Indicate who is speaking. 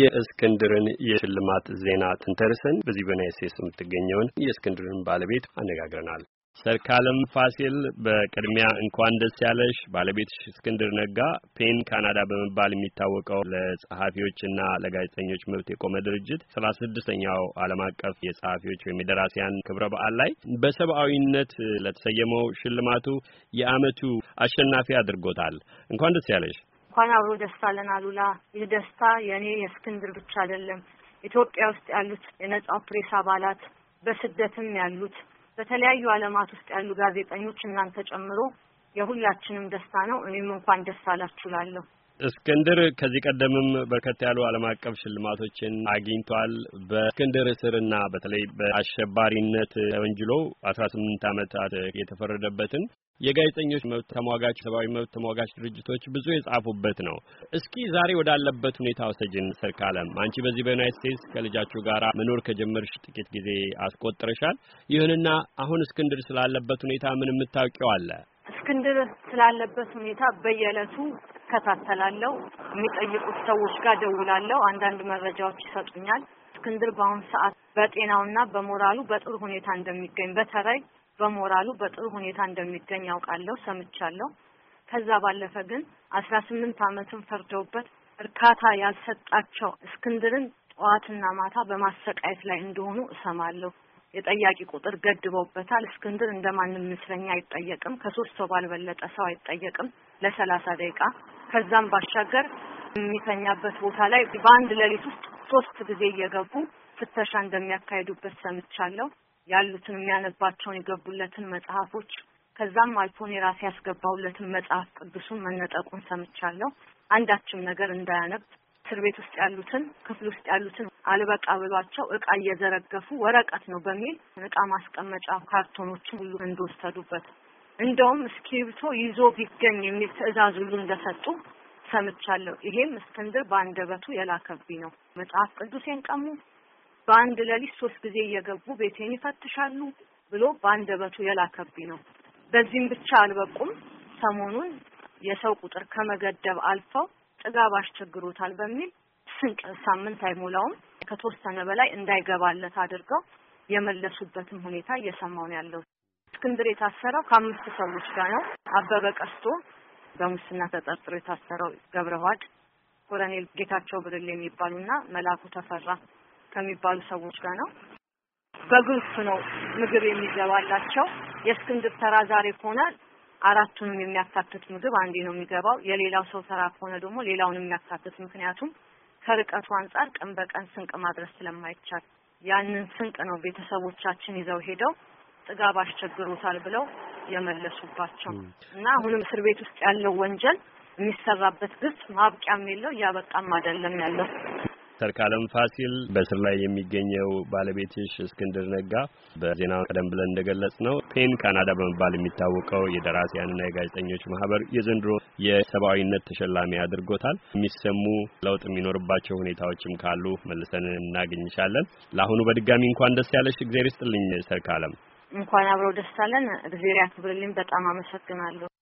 Speaker 1: የእስክንድርን የሽልማት ዜና ትንተርሰን በዚህ በዩናይት ስቴትስ የምትገኘውን የእስክንድርን ባለቤት አነጋግረናል። ሰርካለም ፋሲል በቅድሚያ እንኳን ደስ ያለሽ። ባለቤትሽ እስክንድር ነጋ ፔን ካናዳ በመባል የሚታወቀው ለጸሐፊዎችና ለጋዜጠኞች መብት የቆመ ድርጅት ሰላሳ ስድስተኛው ዓለም አቀፍ የጸሐፊዎች ወይም የደራሲያን ክብረ በዓል ላይ በሰብአዊነት ለተሰየመው ሽልማቱ የአመቱ አሸናፊ አድርጎታል። እንኳን ደስ ያለሽ።
Speaker 2: እንኳን አብሮ ደስታ አለን አሉላ። ይህ ደስታ የእኔ የእስክንድር ብቻ አይደለም። ኢትዮጵያ ውስጥ ያሉት የነጻው ፕሬስ አባላት፣ በስደትም ያሉት፣ በተለያዩ ዓለማት ውስጥ ያሉ ጋዜጠኞች እናንተ ጨምሮ የሁላችንም ደስታ ነው። እኔም እንኳን ደስታ አላችሁ እላለሁ።
Speaker 1: እስክንድር ከዚህ ቀደምም በርከት ያሉ ዓለም አቀፍ ሽልማቶችን አግኝቷል። በእስክንድር እስርና በተለይ በአሸባሪነት ወንጅሎ አስራ ስምንት ዓመታት የተፈረደበትን የጋዜጠኞች መብት ተሟጋች ሰብአዊ መብት ተሟጋች ድርጅቶች ብዙ የጻፉበት ነው። እስኪ ዛሬ ወዳለበት ሁኔታ ወሰጅን። ሰርካለም አንቺ በዚህ በዩናይት ስቴትስ ከልጃችሁ ጋር መኖር ከጀመርሽ ጥቂት ጊዜ አስቆጥረሻል። ይሁንና አሁን እስክንድር ስላለበት ሁኔታ ምን የምታውቂው አለ?
Speaker 2: እስክንድር ስላለበት ሁኔታ በየዕለቱ እከታተላለሁ። የሚጠይቁት ሰዎች ጋር ደውላለሁ። አንዳንድ መረጃዎች ይሰጡኛል። እስክንድር በአሁኑ ሰዓት በጤናውና በሞራሉ በጥሩ ሁኔታ እንደሚገኝ በተለይ በሞራሉ በጥሩ ሁኔታ እንደሚገኝ አውቃለሁ፣ ሰምቻለሁ። ከዛ ባለፈ ግን አስራ ስምንት አመትን ፈርደውበት እርካታ ያልሰጣቸው እስክንድርን ጠዋትና ማታ በማሰቃየት ላይ እንደሆኑ እሰማለሁ። የጠያቂ ቁጥር ገድበውበታል። እስክንድር እንደማንም ምስለኛ አይጠየቅም። ከሶስት ሰው ባልበለጠ ሰው አይጠየቅም ለሰላሳ ደቂቃ ከዛም ባሻገር የሚተኛበት ቦታ ላይ በአንድ ሌሊት ውስጥ ሶስት ጊዜ እየገቡ ፍተሻ እንደሚያካሂዱበት ሰምቻለሁ። ያሉትን የሚያነባቸውን የገቡለትን መጽሐፎች ከዛም አልፎን የራሴ ያስገባውለትን መጽሐፍ ቅዱሱን መነጠቁን ሰምቻለሁ። አንዳችም ነገር እንዳያነብ እስር ቤት ውስጥ ያሉትን ክፍል ውስጥ ያሉትን አልበቃ ብሏቸው እቃ እየዘረገፉ ወረቀት ነው በሚል እቃ ማስቀመጫ ካርቶኖችን ሁሉ እንደወሰዱበት እንደውም እስክሪብቶ ይዞ ቢገኝ የሚል ትዕዛዝ ሁሉ እንደሰጡ ሰምቻለሁ። ይሄም እስክንድር በአንደበቱ የላከብኝ ነው። መጽሐፍ ቅዱሴን ቀሙ፣ በአንድ ሌሊት ሶስት ጊዜ እየገቡ ቤቴን ይፈትሻሉ ብሎ በአንደበቱ የላከብኝ ነው። በዚህም ብቻ አልበቁም። ሰሞኑን የሰው ቁጥር ከመገደብ አልፈው ጥጋብ አስቸግሮታል በሚል ስንቅ ሳምንት አይሞላውም ከተወሰነ በላይ እንዳይገባለት አድርገው የመለሱበትም ሁኔታ እየሰማው ነው ያለው። እስክንድር የታሰረው ከአምስት ሰዎች ጋር ነው። አበበ ቀስቶ በሙስና ተጠርጥሮ የታሰረው ገብረዋድ፣ ኮሎኔል ጌታቸው ብርል የሚባሉና መላኩ ተፈራ ከሚባሉ ሰዎች ጋር ነው። በግሩፕ ነው ምግብ የሚገባላቸው። የእስክንድር ተራ ዛሬ ከሆነ አራቱንም የሚያካትት ምግብ አንዴ ነው የሚገባው። የሌላው ሰው ተራ ከሆነ ደግሞ ሌላውን የሚያካትት ምክንያቱም ከርቀቱ አንጻር ቀን በቀን ስንቅ ማድረስ ስለማይቻል ያንን ስንቅ ነው ቤተሰቦቻችን ይዘው ሄደው ጥጋብ አስቸግሮታል ብለው የመለሱባቸው እና አሁንም እስር ቤት ውስጥ ያለው ወንጀል የሚሰራበት ግልጽ ማብቂያም የለው እያበቃም አይደለም ያለው።
Speaker 1: ተርካለም ፋሲል በእስር ላይ የሚገኘው ባለቤትሽ እስክንድር ነጋ በዜና ቀደም ብለን እንደገለጽ ነው ፔን ካናዳ በመባል የሚታወቀው የደራሲያንና የጋዜጠኞች ማህበር የዘንድሮ የሰብአዊነት ተሸላሚ አድርጎታል። የሚሰሙ ለውጥ የሚኖርባቸው ሁኔታዎችም ካሉ መልሰን እናገኝሻለን። ለአሁኑ በድጋሚ እንኳን ደስ ያለሽ። እግዜር ይስጥልኝ ተርካለም።
Speaker 2: እንኳን አብረው ደስ አለን። እግዜር ያክብርልኝ። በጣም አመሰግናለሁ።